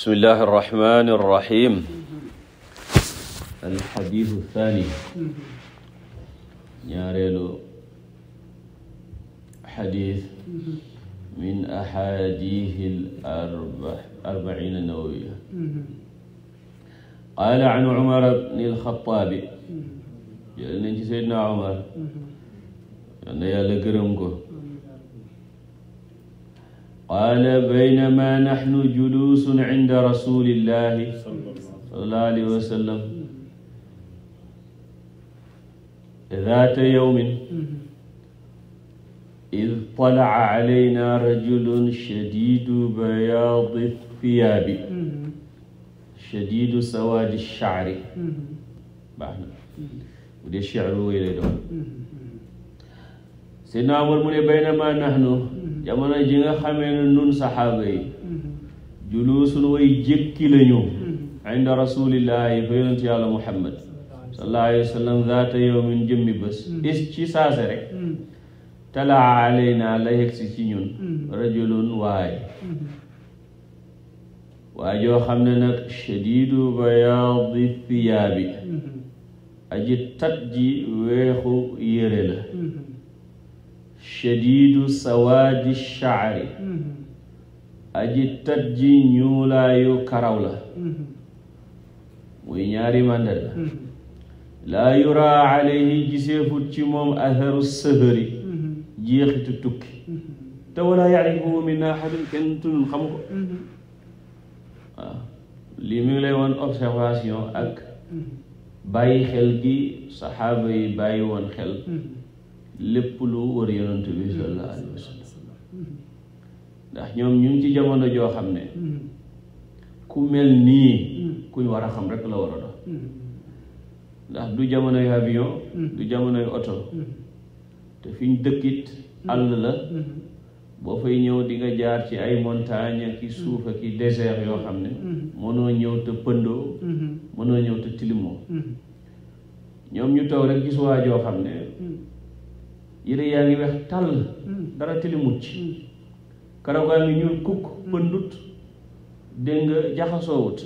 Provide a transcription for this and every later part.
بسم الله الرحمن الرحيم الحديث الثاني ñaareelu xadiis min أحاديث الأربعين النووية قال عن عمر بن الخطاب jël nañ ci Seydina Umar yal na Yàlla gërëm ko qaala baynama naxnu juluusun cinda rasulillahi sallallahu alayhi wa sallam daata yawmin id talaca calayna rajulun shadiidu bayaadi thiyaabi shadiidu sawaadi shacri baax na bu dee shecru wéy lay doon Seydina Umar mu ne baynama naxnu jamono ji nga xamee ne nun saxaaba yi mm-hmm. juluusul way jékki lañu mm-hmm. inda rasulillahi fa yonent yàlla muhammad sallallahu alayhi wa sallam zaata yawmin jëmmi bés mm-hmm. is ci saase rek talaa alayna la yegsi ci ñun rajulun waay waaye joo xam ne nag shadidu bayaadi thiyaabi aji ji weexu yére la shadiidu sawaadi shaari aji tat ji ñuulaayu karaw la muy ñaari màndal la laa yuraa alayhi giseefut ci moom atharu sëhëri jeexitu tukki te walaa yarifuhu min ahadin kenn tunun xamu ko waaw lii mi ngi lay woon observation ak bàyyi xel gi saxaaba yi bàyyi woon xel lépp lu wër yonent bi mm-hmm. sallallahu alayhi wa sallam ndax ñoom ñu ngi ci jamono joo xam ne mm-hmm. ku mel nii mm-hmm. kuñ war a xam rekk la war a doon ndax du jamonoy avion du jamonoy oto te fi ñu dëkkit àll la boo fay ñëw di jaar ci ay montagne ak i suuf ak i désert yoo xam ne mënoo ñëw te pëndoo mënoo ñëw te tilimoo ñoom ñu toog rek gis waa joo xam ne yére yaa ngi weex tàll mm. dara tilimut ci mm. karawaay ngi ñuul kukk mm. pëndut dégg nga jaxasoowut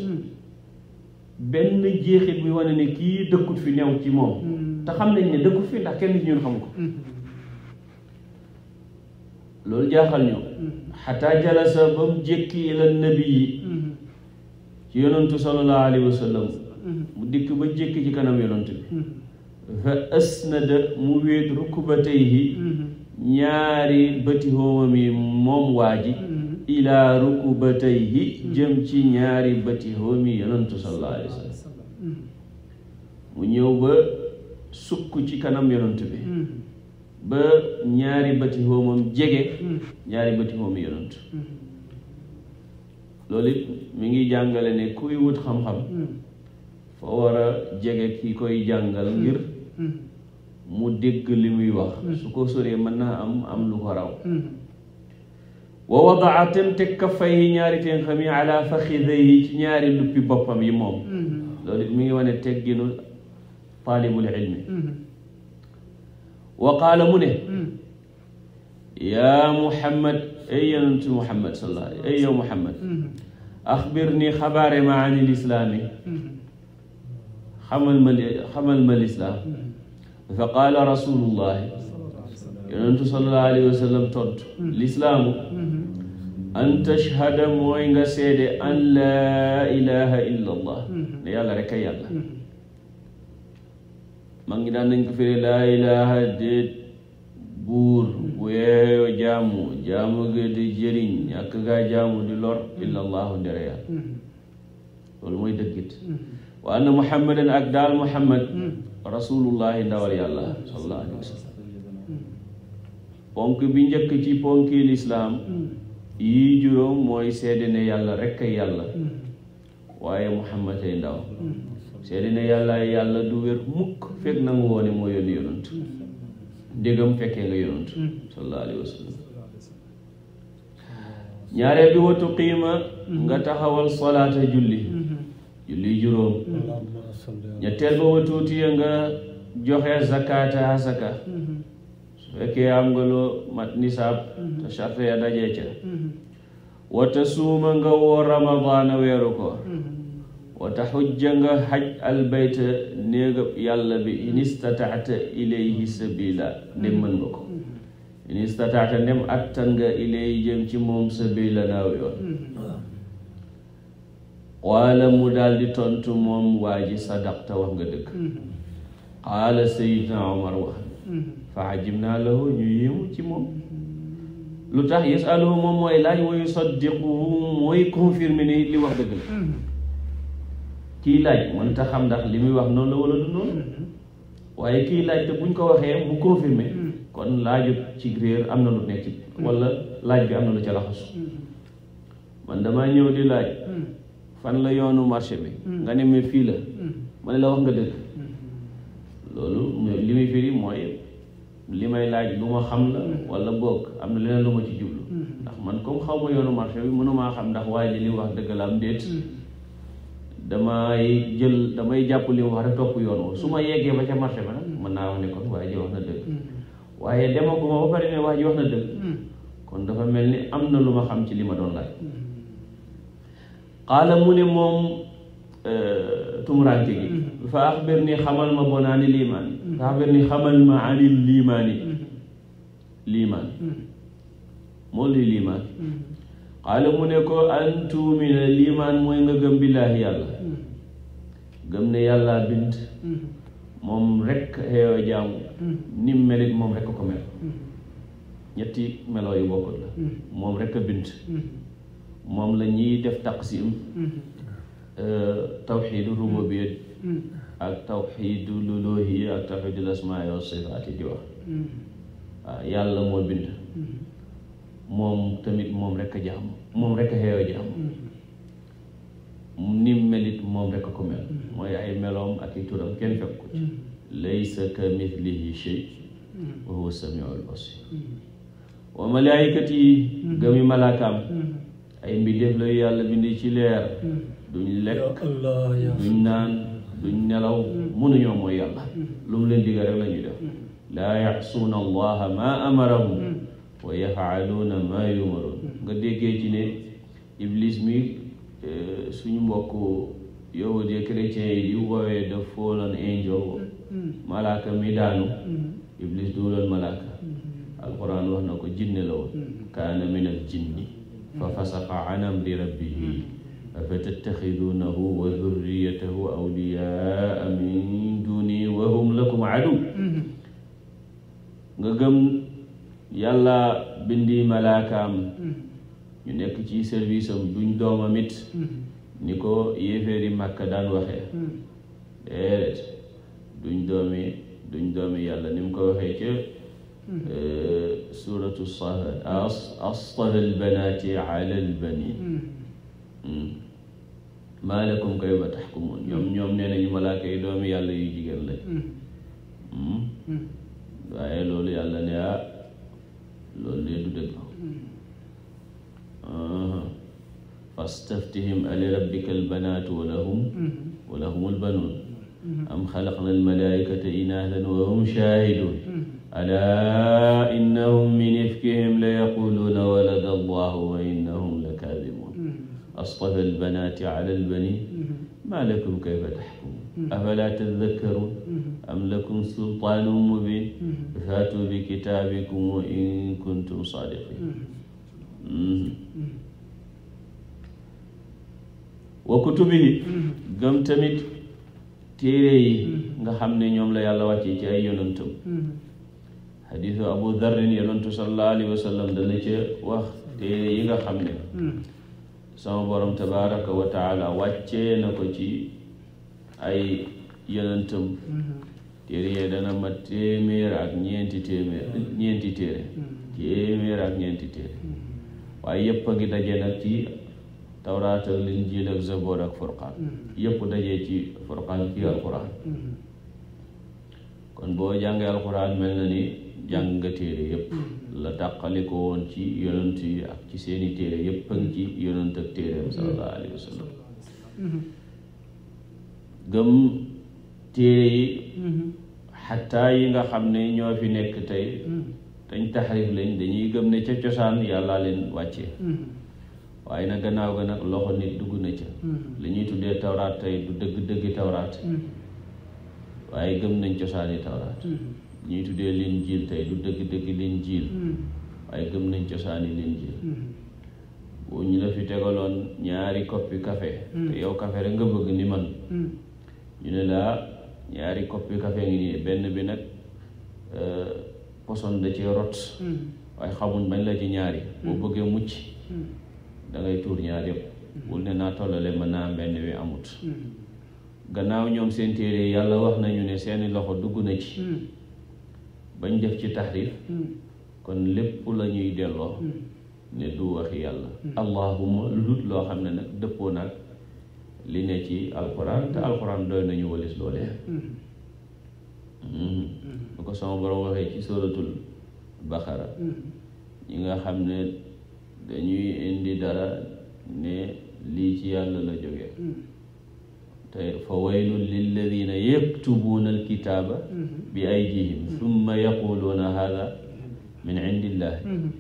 benn jeexit buy wane ne kii dëkkut fi new ci moom te xam nañ ne dëkkut fii ndax kenn ci ñun xam ko loolu jaaxal ñu xataa jalasa ba mu jékki ila nabi yi ci yonantu sallallahu alayhi wa mu dikk ba jékki ci kanam yonantu bi fa asnada mu wéet rukubatayhi mm-hmm. ñaari bëti hoomam yi moom waa ji mm-hmm. ilaa rukubatayhi jëm ci ñaari bëti hoom yi yonantu sallallahu alayhi mm-hmm. mu ñëw ba sukk ci kanam yonantu bi ba ñaari bëti jege ñaari bëti yonantu loolu it ngi jàngale ne kuy wut xam-xam fa war a jege ki koy jàngal ngir mu dégg li muy wax su ko soree mën naa am am lu ko raw wa wadaa teg kaffayhi ñaari tenxam yi ala faxidayhi ci ñaari luppi boppam yi moom loolu it mi ngi wane tegginu taalibul ilmi wa qaala mu ne yaa muhammad ay yonentu muhammad sallallahu alayhi ay yow muhammad axbir ni xabaare ma an il islaami xamal ma li xamal ma lislaam hmm. fa qaala rasulullahi yonentu sallallahu alayhi wa sallam tontu hmm. Hmm. mooy nga seede an laa ilaha illa allah ne yàlla rek a yàlla maa ngi daan nañ ko firee laa ilaha déet buur bu jaamu jaamu gi di jëriñ ñàkk gaa jaamu di lor illa allahu ndere yàlla loolu mooy dëggit wa anna muhammadan ak daal muhammad hmm. rasulullahi ndawal yàlla sallallahu alayhi hmm. ponk bi njëkk ci ponki lislaam hmm. yii juróom mooy seede ne yàlla rekk ay yàlla waaye muhammad ay ndaw seede ne yàlla yàlla du wér mukk fekk nangu woone moo yónni yonant ndégam fekkee nga yonant sallallahu alayhi ñaareel bi watu qiima nga taxawal solaata julli julli juróom ñetteel ba watuuti ya nga joxe zakaata asaka su fekkee am nga loo mat nisaab te charte ya dajee ca wata suuma nga woor ramadaana weeru koor wata xujja nga xaj albayta néega yàlla bi in istataata ilayhi sabila ndem mën ko in istataata ndem attan nga ilayhi jëm ci moom sabila naaw qaala mu daal di tontu moom waa ji sadaqta wax nga dëgg qaala sayidna omar wax fa ajibna lahu ñu yéemu ci moom lu tax yasaluhu moom mooy laaj wa yusaddiquhu mooy confirmer ni li wax dëgg la kii laaj mën ta xam li muy wax noon la wala du noonu waaye kii laaj te buñ ko waxee mu confirmer kon laajut ci am na lu nekk ci wala laaj bi am na lu ca laxasu man damaa ñëw di laaj fan la yoonu marché bi hmm. nga ne mais fii la hmm. ma ne la wax nga dëgg hmm. loolu li muy firi mooy li may laaj lu ma xam la wala boog am na leneen lu ma ci jublu ndax man comme xaw ma yoonu marché bi mënumaa xam ndax waaye ji li mu wax dëgg la am déet damay jël damay jàpp li mu wax rek topp yoon wo su ma yeggee ba ca marché ba nag mën naa wax ne kon waaye ji wax na dëgg waaye demaguma ba pare ne waaye ji wax na dëgg kon dafa mel ni am na lu ma xam ci li ma doon laaj qaala mu ne moom euh, tumuraanke gi mm-hmm. fa axbir ni xamal ma bon ani liimaan mm-hmm. fa axbir ni xamal ma ani mm-hmm. liimaan liimaan moo luy liimaan qaala mu ne ko an liimaan mooy nga gëm billaahi yàlla gëm ne yàlla bind moom rekk xeeyoo jaamu ni melit moom rekk ko mel ñetti meloo bokkut la moom rekk a bind moom la ñuy def taqsim mm-hmm. euh, tawxiidu rububiyya mm-hmm. ak tawxiidu luluhiyya ak tawxiidul asmaa wa sifaat yi di mm-hmm. ah, yàlla moo bind moom tamit moom rekk a jaam moom rekk a xeew jaam ni melit moom rekk ko mel mooy ay meloom ak i turam kenn fekk ko ci laysa ka mithlihi shay wa huwa samiul basir wa malaayikati gëmi malaakaam ay mbindeef la yàlla bindi ci leer hmm. duñ lekk duñ naan duñ nelaw hmm. mënuñoo mooy yàlla hmm. lu leen digal rek la laa yaxsuuna allaha maa amarahum wa yafaluuna maa yumaruun nga déggee ci ne mi euh, suñu mbokk yow de chrétiens yi di woowee the fallen angel malaaka mi daanu iblis duuloon malaaka alquran wax na ko jinne la kaana min al jinni fa fasaqa an amri rabbihi afa tattaxiduunahu wa durriyatahu awliyaa min duni wa hum lakum adu nga gëm yàlla bindi malaakaam mm-hmm. ñu nekk ci service am duñ doomam it mm-hmm. ni ko yéeféeri Màkka daan waxee mm-hmm. déedéet duñ doomi ni mu ko waxee Mm-hmm. Eh, suuratu saad asṭala albanaati ala albaniin mm-hmm. mm. maa lakum kayfa taxkumuun mm-hmm. ñoom ñoom nee nañu malaaka yi doomi yàlla yu jigéen lañ mm. waaye loolu yàlla ne ah loolu de du dëgg uh-huh. fastaftihim ali rabbika albanaatu wa lahum wa lahum albanuun am xalaqna almalaikata inaasan wa hum shaahidun alaa innahum min ifkihim la yaquluuna walada allahu wa innahum la kaadibuun asqafa albanaati ala albaniin maa lakum kayfa taxkumuun afalaa tadakkaruun am lakum sultaanun mubiin faatuu bi kitaabikum in kuntum saadiqiin wa kutubihi gëm tamit téere yi nga xam ne ñoom la yàlla wàcce ci ay yonantam xadiisu abu darrin yonentu sallallahu alayhi wa dana ca wax téere yi nga xam ne hmm. sama borom tabaraka wa taala na ko ci ay yonentam hmm. téere yee dana ma téeméer ak ñeenti téeméer hmm. ak ñeenti téere waaye yépp a ngi daje nag ci tawraat ak linjiil ak zaboor ak furqaan yépp dajee ci furqaan ci alquran kon boo jàngee alquran mel na ni jàng téere yépp mm-hmm. la tàqale ko woon ci yonent yi ak ci seeni téere yépp a ngi ci mm-hmm. yonent ak téereem mm-hmm. sallallahu alayhi wa gëm téere yi xataa yi nga xam ne ñoo fi nekk tey dañ taxarif lañ dañuy gëm ne ca cosaan yàlla leen wàccee waaye nag gannaaw ga nag loxo nit dugg na ca li ñuy tuddee tawraat tey du dëgg dëggi tawraat waaye gëm nañ cosaani tawraat ñuy tuddee linjiil tey du dëgg-dëgg jiil hmm. waaye gëm nañ cosaani linjiil hmm. bu ñu la fi tegaloon ñaari koppi kafe hmm. yow kafe rek nga bëgg ni man ñu ne laa ñaari koppi kafe ngi nii benn bi nag euh, poson da ci rot waaye xamuñ bañ la ci ñaari boo bëggee mucc dangay ngay tuur ñaar yëpp bul ne naa tollale mën naa am benn bi amut gannaaw ñoom seen téere yàlla wax nañu ne seeni loxo dugg na ci ba def ci taxrif hmm. kon lépp la ñuy delloo hmm. ne du waxi yàlla hmm. allahuma lu dut loo xam ne nag dëppoo nag li ne ci alquran te alquran doy nañu walis loolee lu ko sama borom waxee ci suratul baqara ñi nga xam ne dañuy indi dara ne lii ci yàlla la jógee te fa waylun lilladina yaktubuuna alkitaaba bi aydihim summa mm-hmm. yaquluuna hada min indillahi mm-hmm.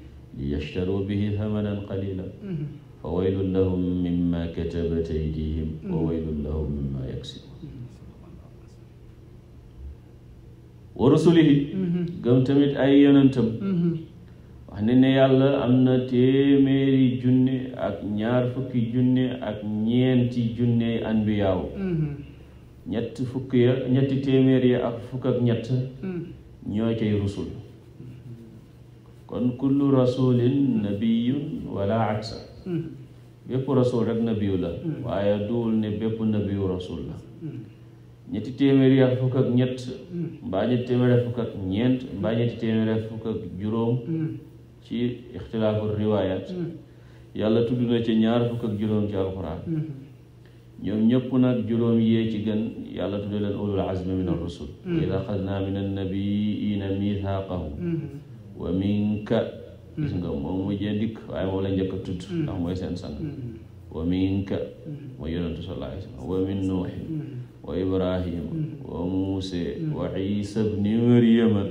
liyashtaruu bihi thamanan qalilan mm-hmm. fa waylun lahum mimma katabat aydihim wa waylun lahum mimma yaksibuun wa rusulihi gëm tamit ay yonentam wax ne ne yàlla am na téeméeri junne ak ñaar fukki junne ak ñeenti junne anbiyaaw mm-hmm. ñett fukk ya ñetti téeméer ya ak fukk ak ñett mm-hmm. ñoo cay rusul kon kullu rasulin nabiyun wala aksa mm-hmm. bépp rasul rek nabiyu la waaye duwul ne bépp nabiyu rasul la ñetti téeméeri ak fukk ak ñett mbaa ñetti téeméeri ak fukk ak juróom ci ixtilaafu riwaayat mm. yàlla tudd na ci ñaar fukk ak juróom ci alxuraan mm-hmm. ñoom ñëpp nag juróom yee ci gën yàlla tudd leen ulul azmi min ar-rusul mm. id axadnaa min annabiina mithaqahum mm-hmm. wa minka mm-hmm. gis nga moom mujjee dikk waaye moom la njëkk a tudd ndax mooy seen sang wa minka mooy yonentu sallallahu alayhi wa sallam wa min nuuxin wa ibrahima wa muuse wa isa bni maryama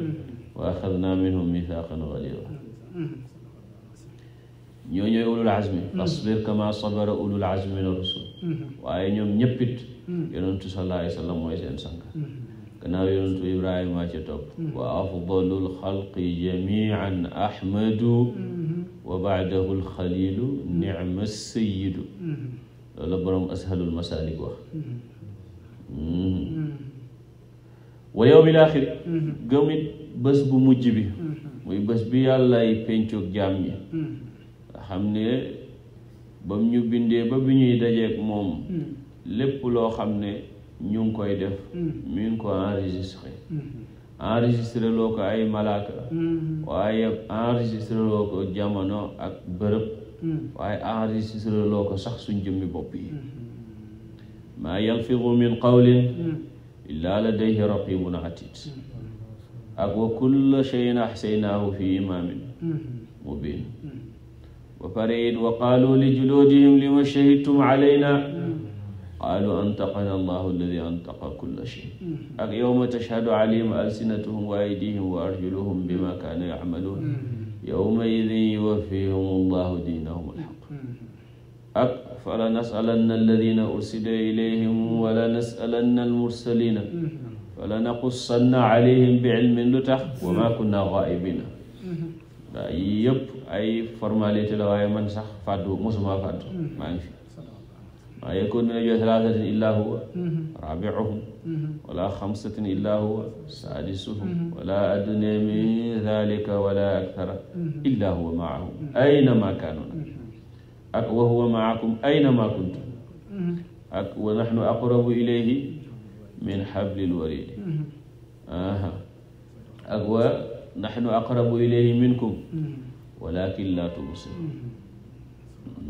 wa axadnaa minhum mithaqan galiza Mm-hmm. ñoo ñooy ulul azmi mm-hmm. fasbir kama sabara ulul azmi min ar-rusul mm-hmm. waaye ñoom ñëppit yonentu sallallahu alayhi wa sallam mooy seen sang gannaaw yonentu ibrahima ci topp wa afdalul xalqi jamian ahmadu wa baadahu alxalilu nicma sayidu loolu la boroom ashalul masalik wax wa yowmil axir gëmit bés bu mujj bi muy bés bi yàllay pencoog jaam ñi nga xam ne ba mu ñu bindee ba bi ñuy dajeeg moom lépp loo xam ne ñu ngi koy def mi ngi ko enregistré enregistré loo ko ay malaaka waaye enregistré loo ko jamono ak bërëb waaye enregistré loo ko sax suñ jëmmi bopp yi maa yalfidu min qawlin illaa ladayhi raqibun atid ak wa kulla shay'in ahsaynaahu fi imaamin mubiin ba pare it wa qaalu li juluudihim li ma shahidtum alayna qaalu antaqana allahu alladi antaqa kulla shay ak yowma tashhadu alayhim alsinatuhum wa aydihim wa arjuluhum bima kaanu yacmaluun yowma idin yuwaffihum allahu diinahum alxaq ak fala nasalanna alladina ursila ilayhim wala nasalanna almursalina wala naqussanna alayhim bi ilmin lu tax wa ma kunna ghaibina waaw yii yëpp ay formalité la waaye man sax fàddu mosuma fàddu mm-hmm. maa ngi fi maa yakunu najwa thalathatin illa huwa mm-hmm. rabi'uhum mm-hmm. wala xamsatin illa huwa saadisuhum wala adna min dhalika wala akthara illa huwa ma'ahum aynama kanu ak wa huwa ma'akum aynama kuntum ak wa nahnu aqrabu ilayhi min xablil waridi mm-hmm. ak wa naxnu aqrabu ilayhi minkum mm-hmm. walakin la tubsir mm-hmm.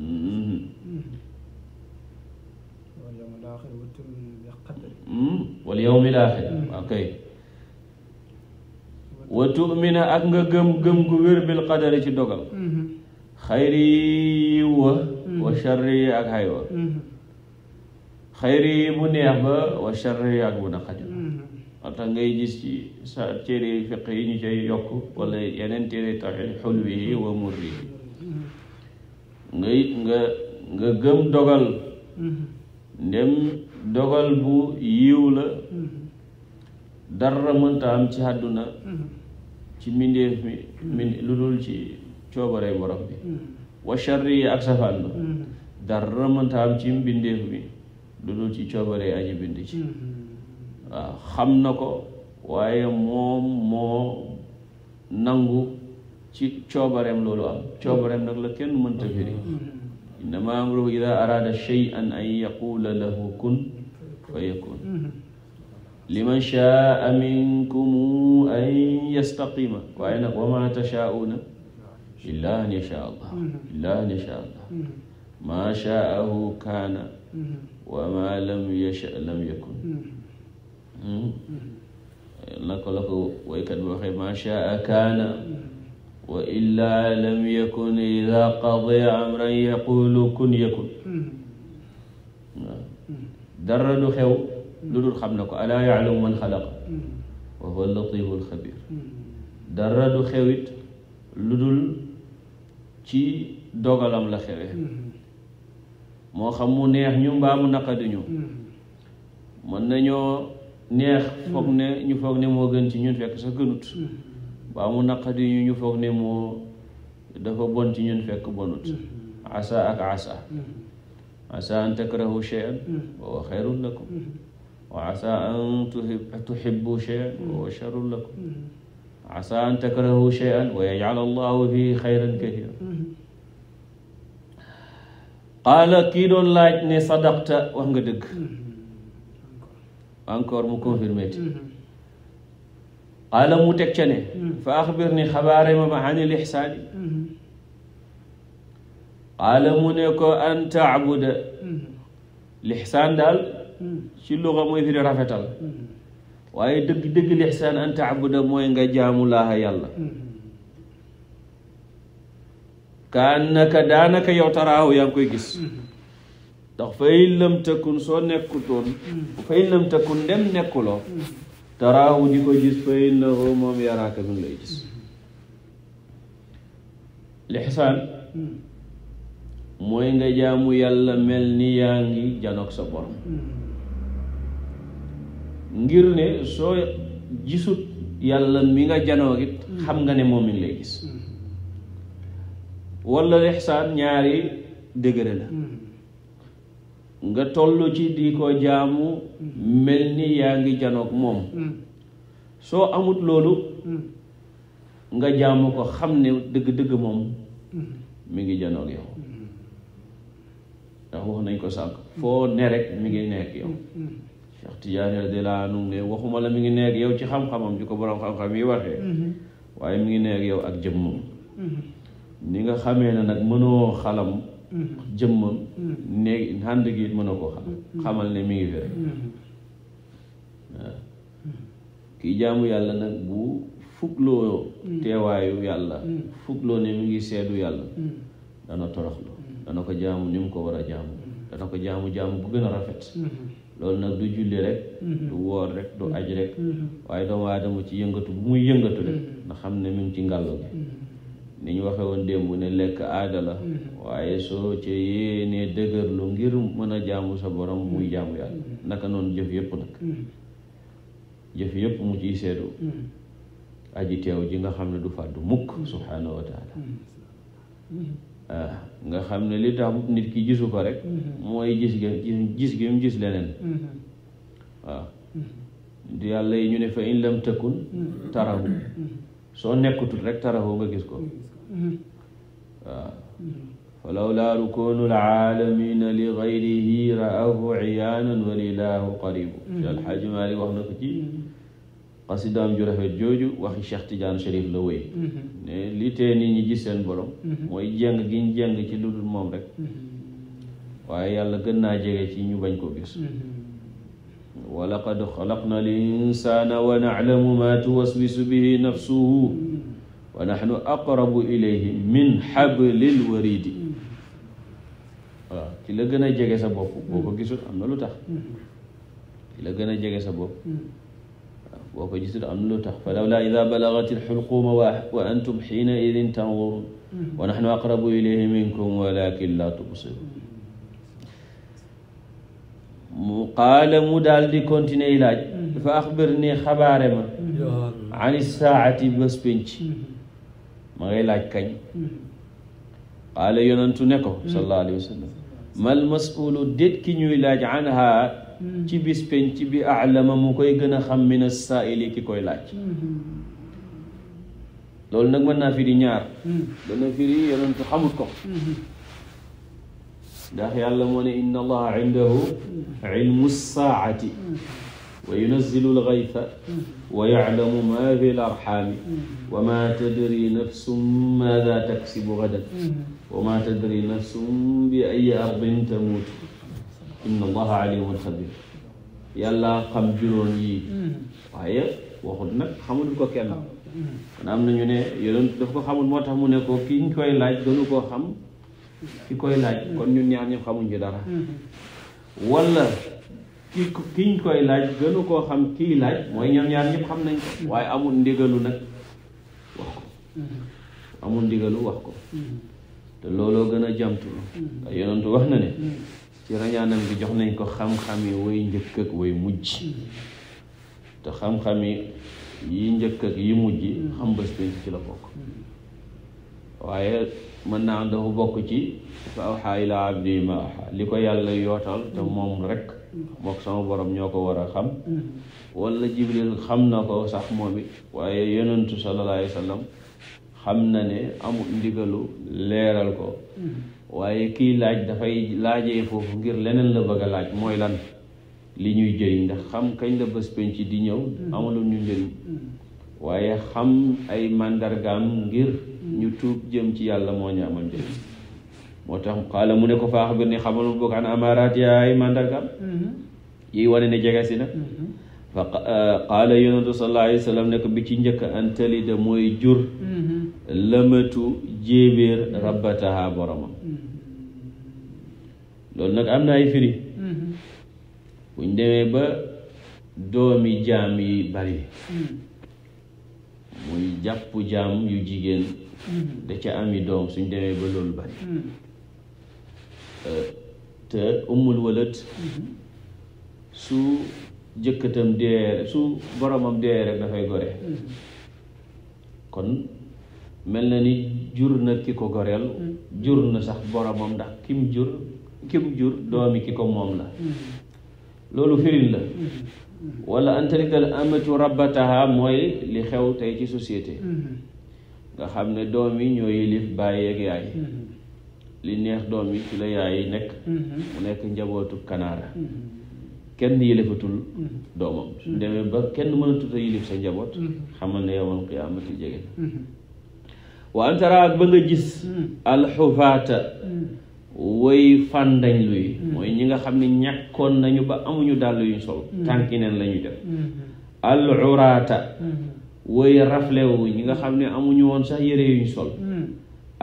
wal yawmil axir waaw kay wa tumina ak nga gëm gëm gu wér bil qadari ci dogal xayri wa wa charri ak xaywa xayri bu neex ba wa sharri ak bu naqari mm-hmm. moo ngay gis ci sa téere fiq yi ñu cay yokk wala yeneen téere tawxiid xulwi wa murri yi mm-hmm. nga nga gëm dogal mm-hmm. ndem dogal bu yiw la dara mënta am ci àdduna ci mbindeef mi lu dul ci coobaree borom bi wa sharri ak safaan ba dara mënta am ci mbindeef mi lu dul ci coobaree aji bind ci waaw mm-hmm. ah, xam na ko waaye moom moo nangu ci coobareem loolu am coobareem nag la kenn mënta firi mm-hmm. innama amruhu ida araada shay'an an yaqula lahu kun fa yakun mm-hmm. liman shaa minkum an yastaqima waaye nag wa ma tashaa'una illa an yashaa allah illa an yashaa allah ma shaahu kaana wa ma lam yasha lam yakun hmm. Hmm? Hmm. naka la ko waykat bi waxee ma shaa kaana wa illa lam yakun ida qadi amran yaqulu kun yakun dara du xew lu dul xam na ko alaa yaalamu man xalaqa wa huwa latifu lxabir dara du xewit lu dul ci dogalam la xewe moo xam mu neex ñu mbaa mu naqadi ñu hmm. mën nañoo neex foog hmm. ne ñu foog ne moo gën ci ñun fekk sa gënut hmm. mbaa mu naqadi ñu ñu ne moo dafa bon ci ñun fekk bonut asa ak asa asa an takrahu shay'an wa huwa xayrun lakum wa asa an tuhibbu shay'an wa huwa an takrahu shay'an wa yaj'al allahu fihi xayran kathiran qaala kii doon laaj ne sadaqta wax nga dëgg mm-hmm. encore mu confirmé ti mm-hmm. qaala mu teg ca ne mm-hmm. fa axbir ni xabaare ma ma an il ixsaani qaala mu ne ko an taabuda lixsaan daal ci luga mooy firi rafetal waaye dëgg dëgg lixsaan an taabuda mooy nga jaamu laaha yàlla kaanaka daanaka yow taraahu yaa ngi koy gis mm-hmm. ndax fa in lam soo nekkutoon fa in lam dem nekkuloo mm-hmm. taraahu di ko gis fa innahu moom yaraaka mi ngi lay gis mm-hmm. lixsaan mooy nga jaamu yàlla mel ni yaa ngi janoog sa borom ngir ne soo gisut yàlla mi nga janoog xam nga ne moom mi lay gis wala lixsaan ñaari degré la hmm. nga toll ci di ko jaamu hmm. mel ni yaa ngi janook moom hmm. soo amut loolu nga jaamu ko xam ne dëgg-dëgg moom mi ngi janoog yow ndax nañ ko sànq foo ne rek mi ngi nekk yow Cheikh Tidiane radiyallaahu waxuma la mi ngi nekk yow ci xam-xamam ci ko borom xam-xam yi waxee waaye mi ngi nekk yow ak jëmmam ni nga xamee ne nag mënoo xalam mm-hmm. jëmmam mm-hmm. néeg xànd gi it mënoo ko mm-hmm. xamal ne mi ngi fi rek waaw jaamu yàlla nag bu fugloo teewaayu yàlla fugloo ne mu ngi seedu yàlla dana toroxlu dana ko jaamu ni mu ko war a jaamu dana ko jaamu jaamu bu gën a rafet loolu nag du julli rek du woor rek du aj rek waaye doomu aadama ci yëngatu bu muy yëngatu rek na xam ne mi ngi ci ngàllu gi ni ñu waxe woon démb ne lekk aada la mm-hmm. waaye soo ca yéenee dëgërlu ngir mën a jaamu sa borom muy jaamu yàlla mm-hmm. naka noonu jëf yépp nag mm-hmm. jëf yépp mu ciy seetu aji teew ji nga xam ne du fàddu mukk subhaanahu wa ah, nga xam ne li tax nit ki gisu ko rek mooy gis gi gis gi mu gis leneen waaw yàlla yi ñu ne fa in lam takun tarahu soo nekkutul rek tarahu nga gis ko waaw falawlaa rukoonu alaalamina li gayrihi raahu ciyaanan walilaahu qaribu alxaaji Maalik wax na ko ci xasidaam ju rafet jooju waxi Cheikh Tidiane Chérif la wéy mm-hmm. ne li tee nit ñi gis seen borom mm-hmm. mooy jeng gi ñu jeng ci lu dul moom rek mm-hmm. waaye yàlla gën naa jege ci ñu bañ ko gis wa laqad xalaqna al insaana wa naclamu ma tuwaswisu bihi nafsuhu wa naxnu aqrabu ilayhi min xablil waridi waaw ki la gën a jege sa bopp boo ko gisul am na lu tax ki la gën a jege sa bopp waaw boo ko gisul am na lu tax fa lawla ida balagatil xulquuma wa antum xiina idin tanzurun wa naxnu aqrabu ilayhi minkum walakin la tubsirun mu qaala mu daal di continuer laaj fa axbir nii xabaare ma an saati bés penc ma ngay laaj kañ hmm. qaala yonantu ne ko hmm. sallallahu alayhi wa sallam mal mas'ulu ki ñuy laaj anha hmm. ci bis penc bi alama mu koy gën a xam min as-saa'ili ki koy laaj loolu nag mën naa firi ñaar dana firi yonantu xamut ko ndax yàlla moo ne inna allaha indahu ilmu wa yunazzilu l-ghaytha wa ya'lamu ma fi l-arhami wa ma tadri nafsun maadha taksibu ghadan wa ma tadri nafsun bi ayyi ardin tamut inna allaha alimun khabir yàlla xam juróom yi waaye waxut nag xamul ko kenn kon am nañu ne yonent daf ko xamul moo tax mu ne ko ki ñu koy laaj gënu koo xam ki koy laaj kon ñun ñaar ñëpp xamuñ ci dara wala ki kiñ koy laaj gënu koo xam kiy laaj mooy ñoom ñaar ñëpp xam nañ ko mm-hmm. waaye amul ndigalu nag wax ko mm-hmm. amul ndigalu wax ko mm-hmm. te looloo gën a jamtu ndax yonentu wax na ne ci rañaanam bi jox nañ ko xam-xam yi way njëkk way mujj te xam-xam yi yi yi mujj xam bés pénc ci la bokk waaye mën naa dafa bokk ci fa awxaa ilaa abdi ma li ko yàlla yootal te moom rekk mook sama boroom ñoo ko war a xam mm-hmm. wala jibril xam na ko sax moom it waaye yonentu sallallahu alayhi wa xam na ne amul ndigalu leeral ko mm-hmm. waaye kiy laaj dafay laajee foofu ngir leneen la bëgg laaj mooy lan li ñuy jëriñ ndax xam kañ la bés penc di ñëw mm-hmm. amalum ñu njëriñ waaye xam ay màndargaam ngir ñu tuub jëm ci yàlla moo ñu amal moo tax mu ne ko faax bir ni xamal ma bokk an amaaraat yaay mandargam mm-hmm. yi wane ne jege si na mm-hmm. fa euh, qaala yonentu sallallahu alayhi ne ko bi ci njëkk an talida mooy jur mm-hmm. lëmatu jéebéer rabbataha boromam loolu nag am na ay firi buñ demee ba doomi jaam yi bari muy jàpp jaam yu jigéen da ca ami doom suñ demee ba loolu bari te ummul walad su jëkkatam dee su boromam dee rek dafay gore kon mel na ni jur na ki ko goreel jur na sax boromam ndax kim jur kim jur doomi ki ko moom la loolu firin la walla antarikal amatu rabbataha mooy li xew tey ci société nga xam ne doom yi ñoo yilif bàyyi yaay li neex doom yi ci la yaay yi nekk mhm. mu nekk njabootu kanaara mhm. kenn yilifatul mhm. doomam su demee ba kenn mënatut a yilif sa njaboot xamal ne yowmal qiyaamati jege wa an tara ak ba nga gis alxufaata woy fàndañ luy mooy ñi nga xam ne ñàkkoon nañu ba amuñu dàll yuñ sol tànki neen la ñuy def alxuraata woy raflewu ñi nga xam ne amuñu woon sax yére yuñ sol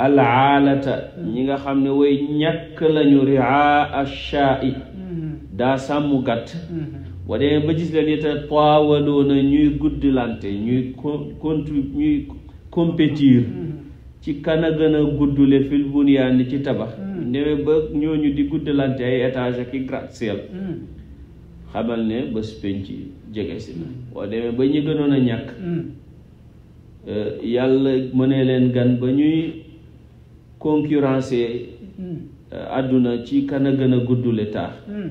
alaalata ñi nga xam ne way ñàkk lañu riaa ashaa'i mm-hmm. daa sàmm gàtt mm-hmm. boo demee ba gis leen ite taawaloona ñuy guddilante ñuy kontu ñuy compétir mm-hmm. ci kan a gën a guddule fil bunyaan ci tabax demee ba ñooñu di guddilante ay étage ak i gratte-ciel xamal ne bés penc jege si na boo demee ba ñu gënoon a ñàkk euh, yàlla leen gan ba ñuy concurrencer mm. euh, àdduna ci kan a gën a guddule taax mm.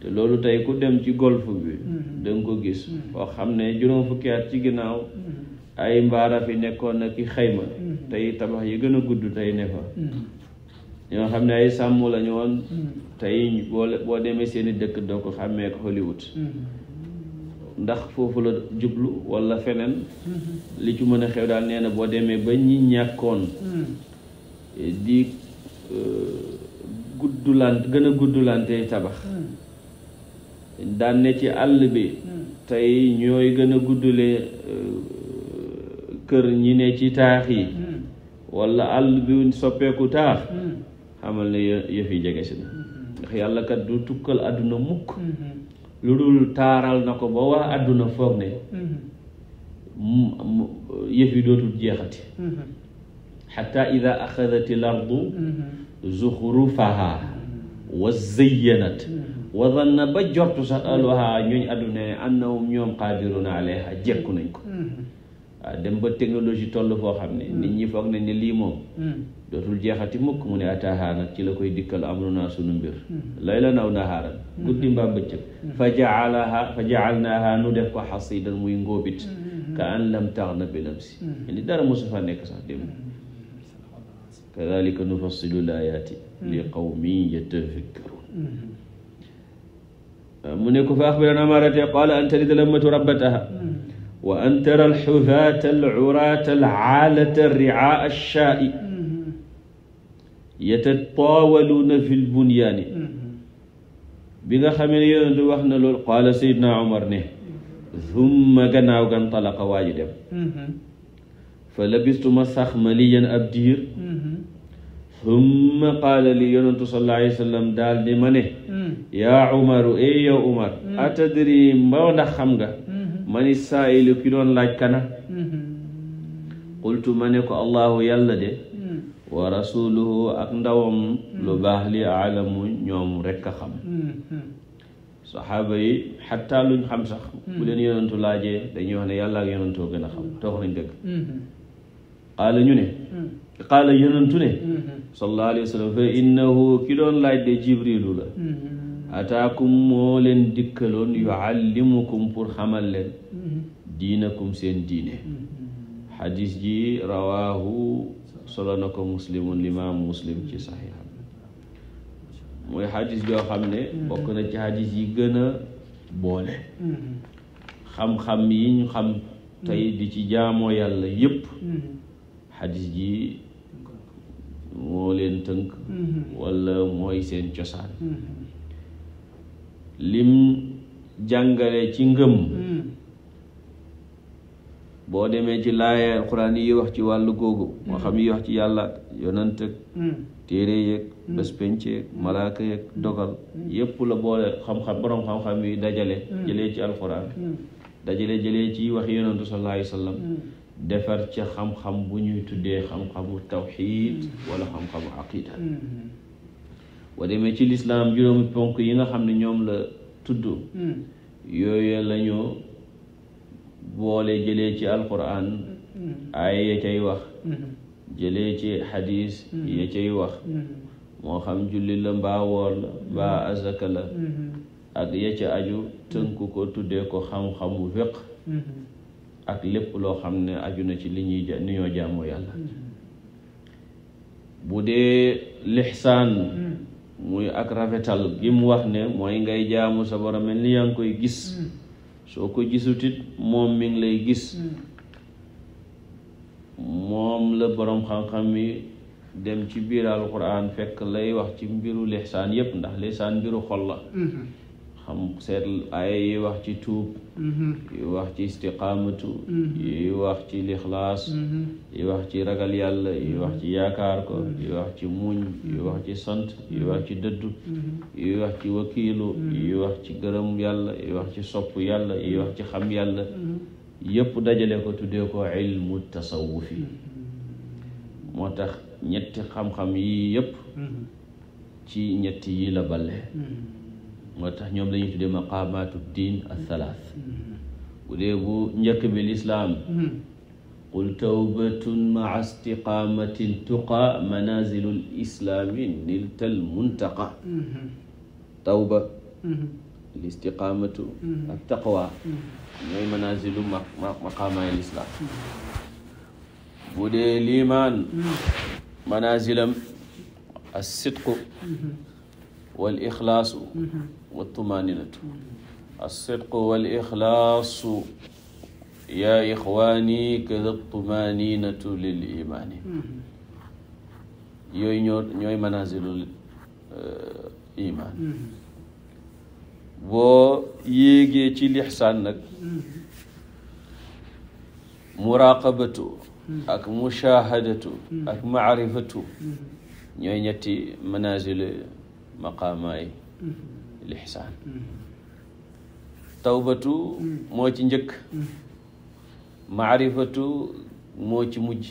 te loolu tey ku dem ci golf bi mm. danga ko gis koo xam ne juróom fukki at ci ginnaaw ay mbaara fi nekkoon ak i xayma tey tabax yi gën a gudd tey ne fa ñoo xam ne ay sàmm la ñu woon tey boo demee seeni dëkk doo ko xàmmee ko Hollywood ndax foofu la jublu walla feneen mm-hmm. li ci mën a xew daal nee na boo demee ba ñi ñàkkoon di euh, guddulante gën a guddulante tabax hmm. daan ne ci àll bi hmm. tey ñooy gën a guddule euh, kër ñi ne ci taax yi hmm. walla àll bi soppeeku taax xamal ne yëf yi jege si na ndax yàlla du tukkal àdduna mukk lu dul taaral na ko ba waa àdduna foog ne yëf yi dootul jeexati xata ida axadat il ardu mm-hmm. zuxrufaha mm-hmm. wa zayyanat mm-hmm. wa danna ba jortu sax ahluha ñooñ àdduna ne annahum ñoom qaadiruna alayha jekku nañ ko waaw ah, dem ba technologie toll foo xam ne nit ñi foog nañ ne lii moom dootul jeexati mukk mu ne ataaha nag ci la koy dikkal amruna sunu mbir laylan aw nahaaran guddi mbaa bëccëg fa jaalaha fa jaalnaaha nu def ko xasidan muy ngóobit ka an lam tax na binam si ni dara mosu fa nekk sax démb kadalika nufassilu laayaati li qawmin yatafakkarun mm-hmm. mu ne ko fa axbiranaa maa ra'ayta qaala an talida l-ummatu rabbatahaa mm-hmm. wa an tara al-xufaata al-curaata al-caalata ricaa'a ash-shaa'i mm-hmm. yatataawaluuna fi l-bunyaani bi nga xamee ne yonent bi wax na loolu qaala Seydina Omar ne thumma gannaaw gan talaqa waa ji dem fa labistu ma sax maliyan ab diir summa qaala li yonentu sallallahu alayhi wa sallam daal di ma ne yaa umaru e yow umar atadri mba ndax xam nga mani saa'ilu ki doon laaj kana qultu ma ne ko allahu yàlla de wa rasuluhu ak ndawam lu baax li aalamu ñoom rekk a xam saxaaba yi xataa luñ xam sax bu leen yonentu laajee dañuy wax ne yàlla ak yonentoo gën a xam toog nañ dëgg qaala ñu ne qaala yonentu ne mm-hmm. sallallahu fa innahu ki doon laaj de jibrilu la mm-hmm. ataakum moo leen dikkaloon yuallimukum pour xamal leen mm-hmm. diinakum seen diine xadis ji rawaahu solo na ko muslimun limaamu muslim ci saxiixam mooy xadis yoo xam ne bokk na ci xadis yi gën a boole xam-xam yi ñu xam tey di ci jaamoo yàlla yépp xadis ji moo leen tënk mm-hmm. walla mooy seen cosaan mm-hmm. lim jàngale ci ngëm mm-hmm. boo demee ci laaya alxuraan yi wax ci wàll googu moo xam yi wax ci yàlla yonant ak téere yeeg bés penc yeeg malaaka yeeg dogal yépp la boole xam-xam boroom xam-xam yi dajale jële ci alxuraan dajale jëlee ci waxi yonantu sallallahu alayhi wa defar ca xam-xam bu ñuy tuddee xam-xamu tawxiid wala xam-xamu aqida boo demee ci lislaam juróomi ponk yi nga xam ne ñoom la tudd yooyu lañu boole jëlee ci alquran ay ya cay wax jëlee ci xadiis ya cay wax moo xam julli la mbaa woor la mbaa azaka la ak ya ca aju tënk ko tuddee ko xam-xamu wéq ak lépp loo xam ne aju na ci li ñuy ni ñoo jaamoo yàlla bu dee lixsaan mm. muy ak rafetal gi mu wax ne mooy ngay jaamu sa borom mel ni yaa ngi koy gis mm. soo ko gisutit moom mi ngi lay gis mm. moom la boroom xam-xam yi dem ci biir alquran fekk lay wax ci mbiru lixsaan yépp ndax lixsaan mbiru xol la mm-hmm. xam seet ay yi wax ci tuub yi wax ci istiqaamatu yi wax ci lixlaas yi wax ci ragal yàlla yi wax ci yaakaar ko yi wax ci muñ yi wax ci sant yi wax ci dëddu yi wax ci wakiilu yi wax ci gërëm yàlla yi wax ci sopp yàlla yi wax ci xam yàlla yépp dajale ko tuddee ko ilmu tasawufi moo tax ñetti xam-xam yi yépp ci ñetti yi la balle moo tax ñoom la ñuy tuddee maqaamaatu diin asalaas mm-hmm. bu dee bu njëkk bi islam mm-hmm. qul tawbatun maa istiqaamatin tuqa manazilu lislaami niltal muntaqa mm-hmm. tawba listiqaamatu ak taqwa ñooy manazilu maqaamaay lislaam bu dee liimaan manazilam assidqu wal ixlaasu wa tumaaninatu alsidqu wal yaa ixwaani kada tumaaninatu lil imaani yooyu ñoo ñooy manazilul imaan boo yéegee ci lixsaan nag muraqabatu ak mushahadatu ak maarifatu ñooy ñetti manazilu maqaamaay mm-hmm. lixsaan mm-hmm. tawbatu mm-hmm. moo ci njëkk maarifatu moo ci mujj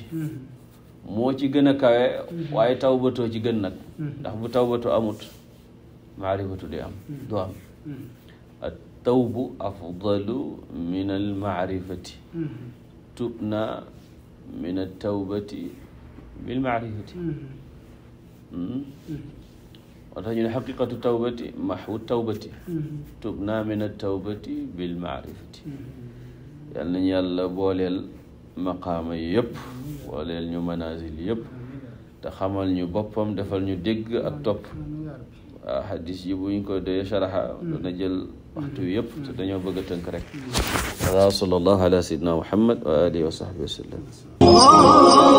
moo ci gën a kawe waaye tawbatoo ci gën nag ndax bu tawbatu amut maarifatu di am du am at tawbu afdalu min al maarifati tub min at tawbati bil maarifati hmm? moo tax ñu ne xaqiqatu tawbati maxwu tawbati tub naa min tawbati bil maarifati yal nañu yàlla booleel maqaama yi yëpp booleel ñu manazil yëpp te xamal ñu boppam defal ñu dégg ak topp waa xadis yi buñ ko dee sharaxa dana jël waxtu wi yëpp te dañoo bëgg a tënk rek ala sallallahu ala sayyidina muhammad wa alihi wa sahbihi wa sallam